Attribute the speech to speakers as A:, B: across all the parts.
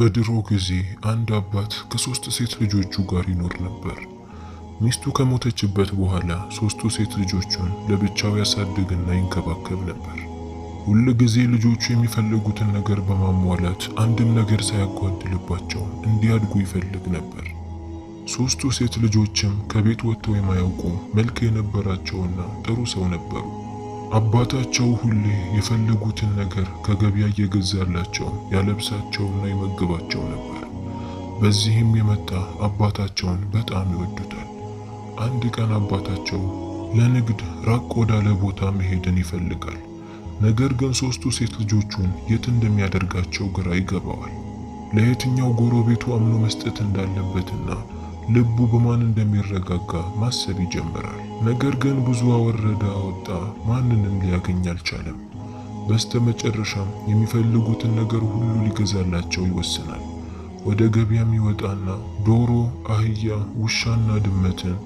A: በድሮ ጊዜ አንድ አባት ከሶስት ሴት ልጆቹ ጋር ይኖር ነበር። ሚስቱ ከሞተችበት በኋላ ሶስቱ ሴት ልጆቹን ለብቻው ያሳድግና ይንከባከብ ነበር። ሁል ጊዜ ልጆቹ የሚፈልጉትን ነገር በማሟላት አንድም ነገር ሳያጓድልባቸው እንዲያድጉ ይፈልግ ነበር። ሶስቱ ሴት ልጆችም ከቤት ወጥተው የማያውቁ መልክ የነበራቸውና ጥሩ ሰው ነበሩ። አባታቸው ሁሌ የፈለጉትን ነገር ከገበያ እየገዛላቸው ያለብሳቸውና ይመግባቸው ነበር። በዚህም የመጣ አባታቸውን በጣም ይወዱታል። አንድ ቀን አባታቸው ለንግድ ራቅ ወዳለ ቦታ መሄድን ይፈልጋል። ነገር ግን ሶስቱ ሴት ልጆቹን የት እንደሚያደርጋቸው ግራ ይገባዋል። ለየትኛው ጎረቤቱ አምኖ መስጠት እንዳለበትና ልቡ በማን እንደሚረጋጋ ማሰብ ይጀምራል። ነገር ግን ብዙ አወረደ አወጣ፣ ማንንም ሊያገኝ አልቻለም። በስተመጨረሻም የሚፈልጉትን ነገር ሁሉ ሊገዛላቸው ይወስናል። ወደ ገበያም ይወጣና ዶሮ፣ አህያ፣ ውሻና ድመትን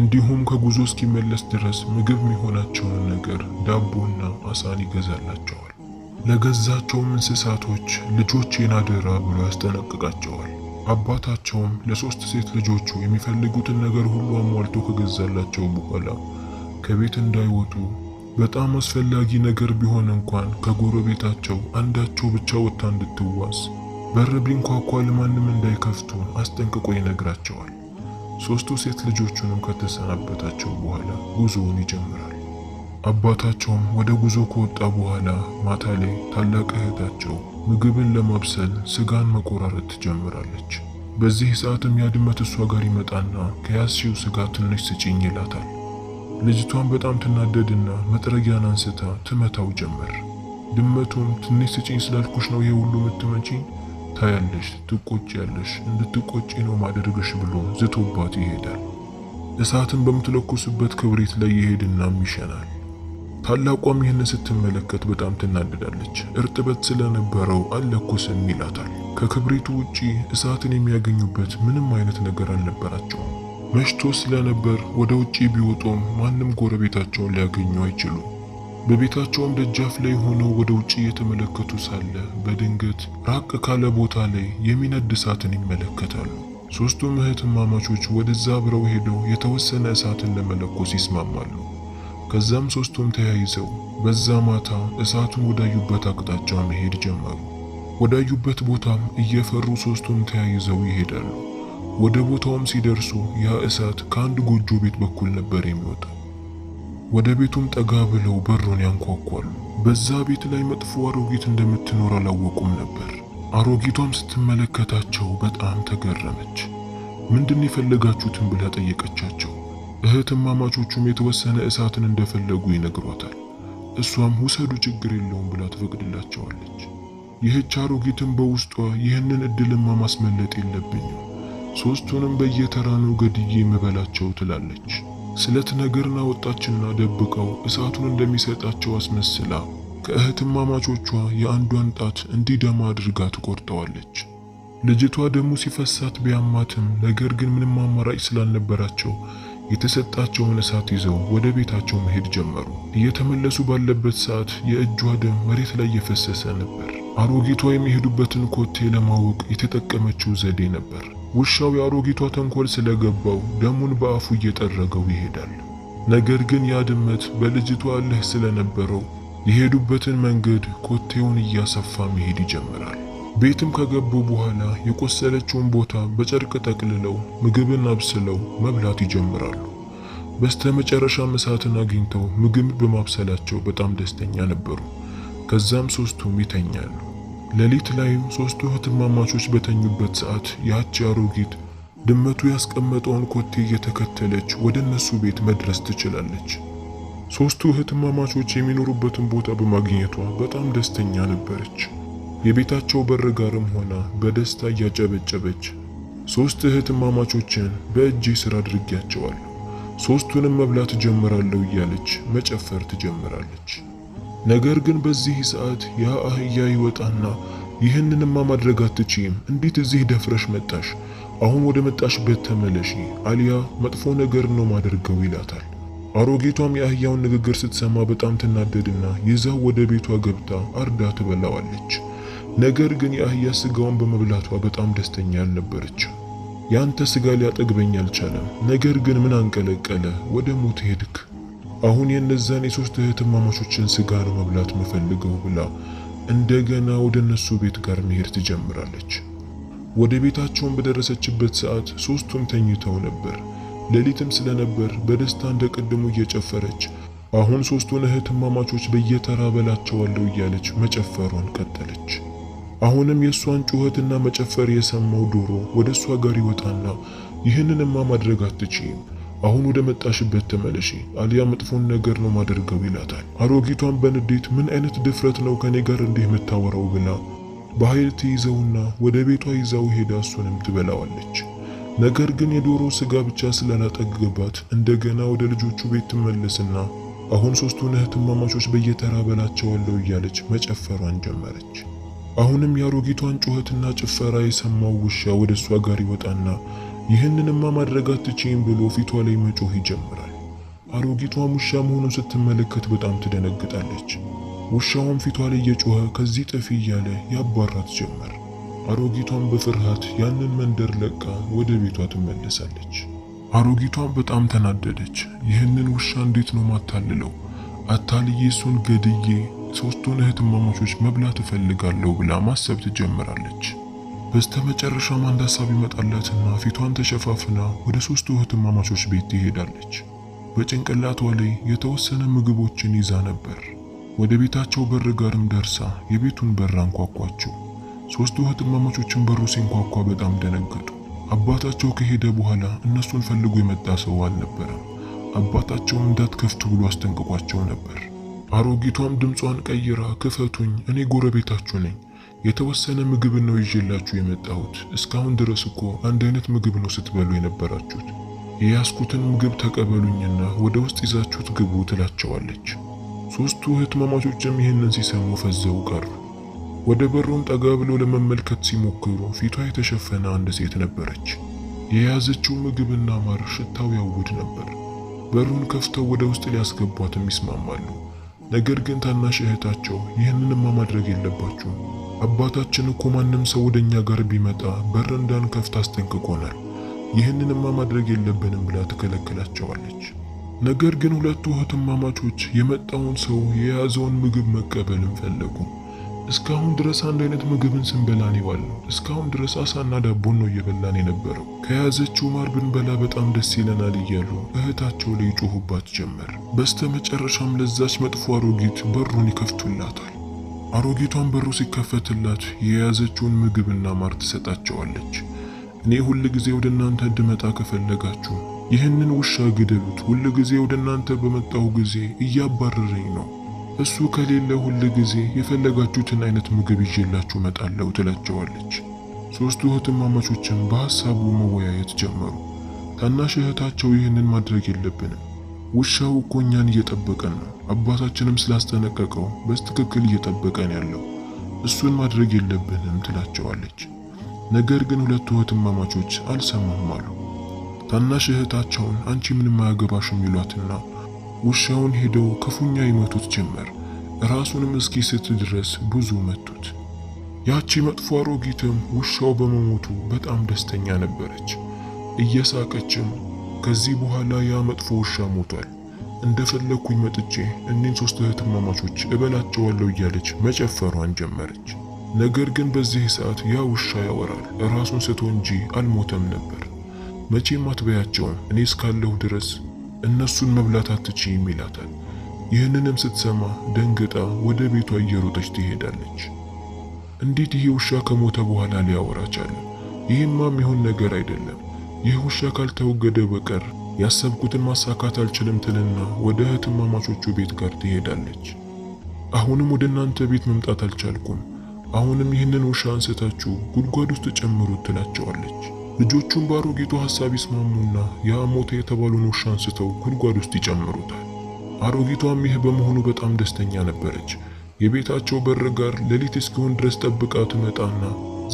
A: እንዲሁም ከጉዞ እስኪመለስ ድረስ ምግብ የሚሆናቸውን ነገር ዳቦና አሳን ይገዛላቸዋል። ለገዛቸውም እንስሳቶች ልጆቼን አደራ ብሎ ያስጠነቅቃቸዋል። አባታቸውም ለሶስት ሴት ልጆቹ የሚፈልጉትን ነገር ሁሉ አሟልቶ ከገዛላቸው በኋላ ከቤት እንዳይወጡ በጣም አስፈላጊ ነገር ቢሆን እንኳን ከጎረቤታቸው አንዳቸው ብቻ ወጥታ እንድትዋስ በር ቢንኳኳ ለማንም እንዳይከፍቱ አስጠንቅቆ ይነግራቸዋል። ሶስቱ ሴት ልጆቹንም ከተሰናበታቸው በኋላ ጉዞውን ይጀምራል። አባታቸውም ወደ ጉዞ ከወጣ በኋላ ማታ ላይ ታላቅ እህታቸው ምግብን ለማብሰል ስጋን መቆራረጥ ትጀምራለች። በዚህ ሰዓትም ያድመት እሷ ጋር ይመጣና ከያዝሽው ስጋ ትንሽ ስጭኝ ይላታል። ልጅቷን በጣም ትናደድና መጥረጊያን አንስታ ትመታው ጀመር። ድመቱም ትንሽ ስጭኝ ስላልኩሽ ነው ይሄ ሁሉ የምትመጪኝ? ታያለሽ፣ ትቆጪያለሽ፣ እንድትቆጪ ነው ማደርግሽ ብሎ ዝቶባት ይሄዳል። እሳትን በምትለኩስበት ክብሪት ላይ ይሄድናም ይሸናል። ታላቋም ይህን ስትመለከት በጣም ትናደዳለች። እርጥበት ስለነበረው አለኮሰም ይላታል። ከክብሪቱ ውጪ እሳትን የሚያገኙበት ምንም አይነት ነገር አልነበራቸውም። መሽቶ ስለነበር ወደ ውጪ ቢወጡም ማንም ጎረቤታቸውን ሊያገኙ አይችሉም። በቤታቸውም ደጃፍ ላይ ሆነው ወደ ውጪ እየተመለከቱ ሳለ በድንገት ራቅ ካለ ቦታ ላይ የሚነድ እሳትን ይመለከታሉ። ሦስቱም እህትማማቾች ወደዛ አብረው ሄደው የተወሰነ እሳትን ለመለኮስ ይስማማሉ። ከዛም ሶስቱም ተያይዘው በዛ ማታ እሳቱን ወዳዩበት አቅጣጫ መሄድ ጀመሩ። ወዳዩበት ቦታም እየፈሩ ሶስቱም ተያይዘው ይሄዳሉ። ወደ ቦታውም ሲደርሱ ያ እሳት ከአንድ ጎጆ ቤት በኩል ነበር የሚወጣው። ወደ ቤቱም ጠጋ ብለው በሩን ያንኳኳሉ። በዛ ቤት ላይ መጥፎ አሮጊት እንደምትኖር አላወቁም ነበር። አሮጊቷም ስትመለከታቸው በጣም ተገረመች። ምንድን የፈለጋችሁትን ብላ ጠየቀቻቸው። እህትማማቾቹም የተወሰነ እሳትን እንደፈለጉ ይነግሯታል። እሷም ውሰዱ ችግር የለውም ብላ ትፈቅድላቸዋለች። ይህች አሮጊትም በውስጧ ይህንን እድልማ ማስመለጥ የለብኝም ሶስቱንም በየተራ ነው ገድዬ የምበላቸው ትላለች። ስለት ነገርን አወጣችና ደብቀው እሳቱን እንደሚሰጣቸው አስመስላ ከእህትማማቾቿ የአንዷን ጣት እንዲደማ አድርጋ ትቆርጠዋለች። ልጅቷ ደሙ ሲፈሳት ቢያማትም ነገር ግን ምንም አማራጭ ስላልነበራቸው የተሰጣቸውን እሳት ይዘው ወደ ቤታቸው መሄድ ጀመሩ። እየተመለሱ ባለበት ሰዓት የእጇ ደም መሬት ላይ የፈሰሰ ነበር። አሮጊቷ የሚሄዱበትን ኮቴ ለማወቅ የተጠቀመችው ዘዴ ነበር። ውሻው የአሮጊቷ ተንኮል ስለገባው ደሙን በአፉ እየጠረገው ይሄዳል። ነገር ግን ያ ድመት በልጅቷ እልህ ስለነበረው የሄዱበትን መንገድ ኮቴውን እያሰፋ መሄድ ይጀምራል። ቤትም ከገቡ በኋላ የቆሰለችውን ቦታ በጨርቅ ጠቅልለው ምግብን አብስለው መብላት ይጀምራሉ። በስተመጨረሻም እሳትን አግኝተው ምግብ በማብሰላቸው በጣም ደስተኛ ነበሩ። ከዛም ሶስቱም ይተኛሉ። ሌሊት ላይም ሶስቱ እህትማማቾች በተኙበት ሰዓት ያቺ አሮጊት ድመቱ ያስቀመጠውን ኮቴ እየተከተለች ወደ እነሱ ቤት መድረስ ትችላለች። ሶስቱ እህትማማቾች የሚኖሩበትን ቦታ በማግኘቷ በጣም ደስተኛ ነበረች። የቤታቸው በር ጋርም ሆና በደስታ እያጨበጨበች ሶስት እህትማማቾችን በእጄ ስራ አድርጌያቸዋለሁ፣ ሶስቱንም መብላት ጀምራለሁ እያለች መጨፈር ትጀምራለች። ነገር ግን በዚህ ሰዓት ያ አህያ ይወጣና ይህንንማ ማድረግ አትችይም፣ እንዴት እዚህ ደፍረሽ መጣሽ? አሁን ወደ መጣሽበት ተመለሺ፣ አሊያ መጥፎ ነገር ነው ማደርገው ይላታል። አሮጌቷም የአህያውን ንግግር ስትሰማ በጣም ትናደድና ይዛው ወደ ቤቷ ገብታ አርዳ ትበላዋለች። ነገር ግን የአህያ ስጋውን በመብላቷ በጣም ደስተኛ ያልነበረች ያንተ ስጋ ሊያጠግበኝ አልቻለም። ነገር ግን ምን አንቀለቀለ ወደ ሞት ሄድክ። አሁን የነዛን የሶስት እህትማማቾችን ስጋ ነው መብላት መፈልገው ብላ እንደገና ወደ እነሱ ቤት ጋር መሄድ ትጀምራለች። ወደ ቤታቸውን በደረሰችበት ሰዓት ሶስቱም ተኝተው ነበር። ሌሊትም ስለነበር በደስታ እንደ ቅድሙ እየጨፈረች አሁን ሶስቱን እህትማማቾች በየተራ በላቸዋለሁ እያለች መጨፈሯን ቀጠለች። አሁንም የእሷን ጩኸትና መጨፈር የሰማው ዶሮ ወደ እሷ ጋር ይወጣና ይህንንማ ማድረግ አትችይም፣ አሁን ወደ መጣሽበት ተመለሺ፣ አሊያ መጥፎን ነገር ነው ማደርገው ይላታል። አሮጊቷን በንዴት ምን አይነት ድፍረት ነው ከኔ ጋር እንዲህ የምታወራው ብላ በኃይል ትይዘውና ወደ ቤቷ ይዛው ሄዳ እሱንም ትበላዋለች። ነገር ግን የዶሮ ስጋ ብቻ ስላላጠግባት እንደገና ወደ ልጆቹ ቤት ትመለስና አሁን ሶስቱን እህትማማቾች በየተራ በላቸዋለሁ እያለች መጨፈሯን ጀመረች። አሁንም የአሮጊቷን ጩኸትና ጭፈራ የሰማው ውሻ ወደ እሷ ጋር ይወጣና ይህንንማ ማድረግ አትችይም ብሎ ፊቷ ላይ መጮህ ይጀምራል። አሮጊቷም ውሻ መሆኑን ስትመለከት በጣም ትደነግጣለች። ውሻውም ፊቷ ላይ እየጮኸ ከዚህ ጥፊ እያለ ያባራት ጀመር። አሮጊቷም በፍርሃት ያንን መንደር ለቃ ወደ ቤቷ ትመለሳለች። አሮጊቷም በጣም ተናደደች። ይህንን ውሻ እንዴት ነው ማታልለው? አታልዬ እሱን ገድዬ ሶስቱን እህትማማቾች መብላት እፈልጋለሁ ብላ ማሰብ ትጀምራለች። በስተመጨረሻም አንድ ሐሳብ ይመጣላትና ፊቷን ተሸፋፍና ወደ ሶስቱ እህትማማቾች ቤት ትሄዳለች። በጭንቅላቷ ላይ የተወሰነ ምግቦችን ይዛ ነበር። ወደ ቤታቸው በር ጋርም ደርሳ የቤቱን በር አንኳኳቸው። ሶስቱ እህትማማቾችን በሩ ሲንኳኳ በጣም ደነገጡ። አባታቸው ከሄደ በኋላ እነሱን ፈልጎ የመጣ ሰው አልነበረም። አባታቸውም እንዳትከፍቱ ብሎ አስጠንቅቋቸው ነበር። አሮጊቷም ድምጿን ቀይራ ክፈቱኝ፣ እኔ ጎረቤታችሁ ነኝ። የተወሰነ ምግብ ነው ይዤላችሁ የመጣሁት። እስካሁን ድረስ እኮ አንድ አይነት ምግብ ነው ስትበሉ የነበራችሁት። የያዝኩትን ምግብ ተቀበሉኝና ወደ ውስጥ ይዛችሁት ግቡ ትላቸዋለች። ሦስቱ እህትማማቾችም ይህንን ሲሰሙ ፈዘው ቀሩ። ወደ በሩም ጠጋ ብለው ለመመልከት ሲሞክሩ ፊቷ የተሸፈነ አንድ ሴት ነበረች። የያዘችው ምግብና ማር ሽታው ያውድ ነበር። በሩን ከፍተው ወደ ውስጥ ሊያስገቧትም ይስማማሉ። ነገር ግን ታናሽ እህታቸው ይህንንማ ማድረግ የለባችሁም፣ አባታችን እኮ ማንም ሰው ወደኛ ጋር ቢመጣ በር እንዳንከፍት አስጠንቅቆናል፣ ይህንንማ ማድረግ የለብንም ብላ ትከለክላቸዋለች። ነገር ግን ሁለቱ እህትማማቾች የመጣውን ሰው የያዘውን ምግብ መቀበልን ፈለጉም። እስካሁን ድረስ አንድ አይነት ምግብን ስንበላን ይዋል። እስካሁን ድረስ አሳና ዳቦን ነው እየበላን የነበረው። ከያዘችው ማር ብንበላ በጣም ደስ ይለናል እያሉ እህታቸው ላይ ጮሁባት ጀመር። በስተ መጨረሻም ለዛች መጥፎ አሮጊት በሩን ይከፍቱላታል። አሮጊቷን በሩ ሲከፈትላት የያዘችውን ምግብና ማር ትሰጣቸዋለች። እኔ ሁል ጊዜ ወደ እናንተ እንድመጣ ከፈለጋችሁ ይህንን ውሻ ግደሉት። ሁል ጊዜ ወደ እናንተ በመጣሁ ጊዜ እያባረረኝ ነው እሱ ከሌለ ሁል ጊዜ የፈለጋችሁትን አይነት ምግብ ይዤላችሁ መጣለው ትላቸዋለች። ሶስቱ እህትማማቾችም በሐሳቡ መወያየት ጀመሩ። ታናሽ እህታቸው ይህንን ማድረግ የለብንም፣ ውሻው እኮ እኛን እየጠበቀን ነው፣ አባታችንም ስላስጠነቀቀው በትክክል እየጠበቀን ያለው እሱን ማድረግ የለብንም ትላቸዋለች። ነገር ግን ሁለቱ እህትማማቾች አልሰማም አሉ። ታናሽ እህታቸውን አንቺ ምንም አያገባሽም ይሏትና ውሻውን ሄደው ክፉኛ ይመቱት ጀመር። ራሱንም እስኪስት ድረስ ብዙ መቱት። ያቺ መጥፎ አሮጊትም ውሻው በመሞቱ በጣም ደስተኛ ነበረች። እየሳቀችም ከዚህ በኋላ ያ መጥፎ ውሻ ሞቷል፣ እንደፈለግኩኝ መጥቼ እኔን ሶስት እህትማማቾች እበላቸዋለሁ እያለች መጨፈሯን ጀመረች። ነገር ግን በዚህ ሰዓት ያ ውሻ ያወራል፣ ራሱን ስቶ እንጂ አልሞተም ነበር። መቼም አትበያቸውም እኔ እስካለሁ ድረስ እነሱን መብላት አትችይም ይላታል። ይህንንም ስትሰማ ደንግጣ ወደ ቤቷ እየሮጠች ትሄዳለች። እንዴት ይሄ ውሻ ከሞተ በኋላ ሊያወራቻለ? ይህማ የሚሆን ነገር አይደለም። ይህ ውሻ ካልተወገደ በቀር ያሰብኩትን ማሳካት አልችልም ትልና ወደ እህትማማቾቹ ቤት ጋር ትሄዳለች። አሁንም ወደ እናንተ ቤት መምጣት አልቻልኩም። አሁንም ይህንን ውሻ አንስታችሁ ጉድጓድ ውስጥ ጨምሩት ትላቸዋለች። ልጆቹን በአሮጊቱ ሐሳብ ይስማሙና የአሞተ የተባሉን የተባለውን ውሻ አንስተው ጉድጓድ ውስጥ ይጨምሩታል። አሮጊቷም ይህ በመሆኑ በጣም ደስተኛ ነበረች። የቤታቸው በር ጋር ሌሊት እስኪሆን ድረስ ጠብቃ ትመጣና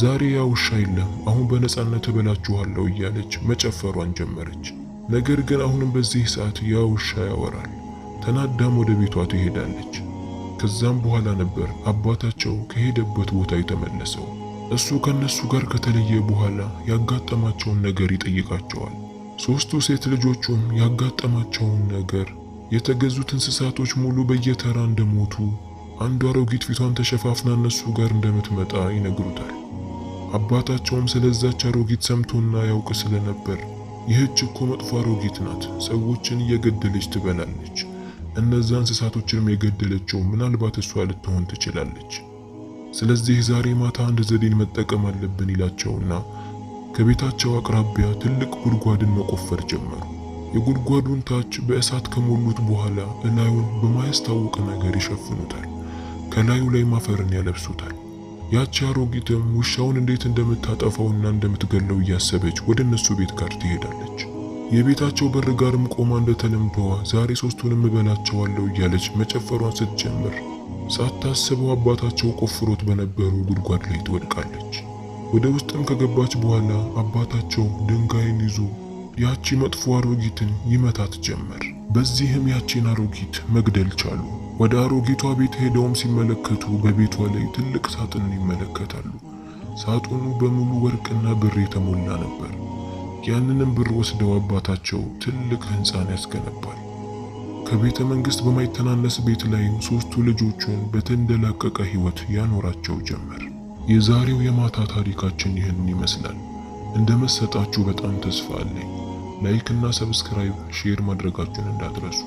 A: ዛሬ ያ ውሻ የለም፣ አሁን በነጻነት እበላችኋለሁ እያለች መጨፈሯን ጀመረች። ነገር ግን አሁንም በዚህ ሰዓት ያ ውሻ ያወራል። ተናዳም ወደ ቤቷ ትሄዳለች። ከዛም በኋላ ነበር አባታቸው ከሄደበት ቦታ የተመለሰው። እሱ ከነሱ ጋር ከተለየ በኋላ ያጋጠማቸውን ነገር ይጠይቃቸዋል። ሶስቱ ሴት ልጆቹም ያጋጠማቸውን ነገር፣ የተገዙት እንስሳቶች ሙሉ በየተራ እንደሞቱ፣ አንዷ አሮጊት ፊቷን ተሸፋፍና እነሱ ጋር እንደምትመጣ ይነግሩታል። አባታቸውም ስለዛች አሮጊት ሰምቶና ያውቅ ስለነበር ይህች እኮ መጥፎ አሮጊት ናት፣ ሰዎችን እየገደለች ትበላለች። እነዛ እንስሳቶችንም የገደለችው ምናልባት እሷ ልትሆን ትችላለች ስለዚህ ዛሬ ማታ አንድ ዘዴን መጠቀም አለብን ይላቸውና ከቤታቸው አቅራቢያ ትልቅ ጉድጓድን መቆፈር ጀመሩ። የጉድጓዱን ታች በእሳት ከሞሉት በኋላ እላዩን በማያስታውቅ ነገር ይሸፍኑታል። ከላዩ ላይ ማፈርን ያለብሱታል። ያቺ አሮጊትም ውሻውን እንዴት እንደምታጠፋውና እንደምትገለው እያሰበች ወደ እነሱ ቤት ጋር ትሄዳለች። የቤታቸው በር ጋርም ቆማ እንደተለምደዋ ዛሬ ሶስቱንም እበላቸዋለሁ እያለች መጨፈሯን ስትጀምር ሳታስበው አባታቸው ቆፍሮት በነበረው ጉድጓድ ላይ ትወድቃለች። ወደ ውስጥም ከገባች በኋላ አባታቸው ድንጋይን ይዞ ያቺ መጥፎ አሮጊትን ይመታት ጀመር። በዚህም ያቺን አሮጊት መግደል ቻሉ። ወደ አሮጊቷ ቤት ሄደውም ሲመለከቱ በቤቷ ላይ ትልቅ ሳጥን ይመለከታሉ። ሳጥኑ በሙሉ ወርቅና ብር የተሞላ ነበር። ያንንም ብር ወስደው አባታቸው ትልቅ ሕንፃን ያስገነባል። ከቤተ መንግስት በማይተናነስ ቤት ላይም ሶስቱ ልጆቹን በተንደላቀቀ ህይወት ያኖራቸው ጀመር። የዛሬው የማታ ታሪካችን ይህን ይመስላል። እንደመሰጣችሁ በጣም ተስፋ አለኝ። ላይክ እና ሰብስክራይብ ሼር ማድረጋችሁን እንዳትረሱ።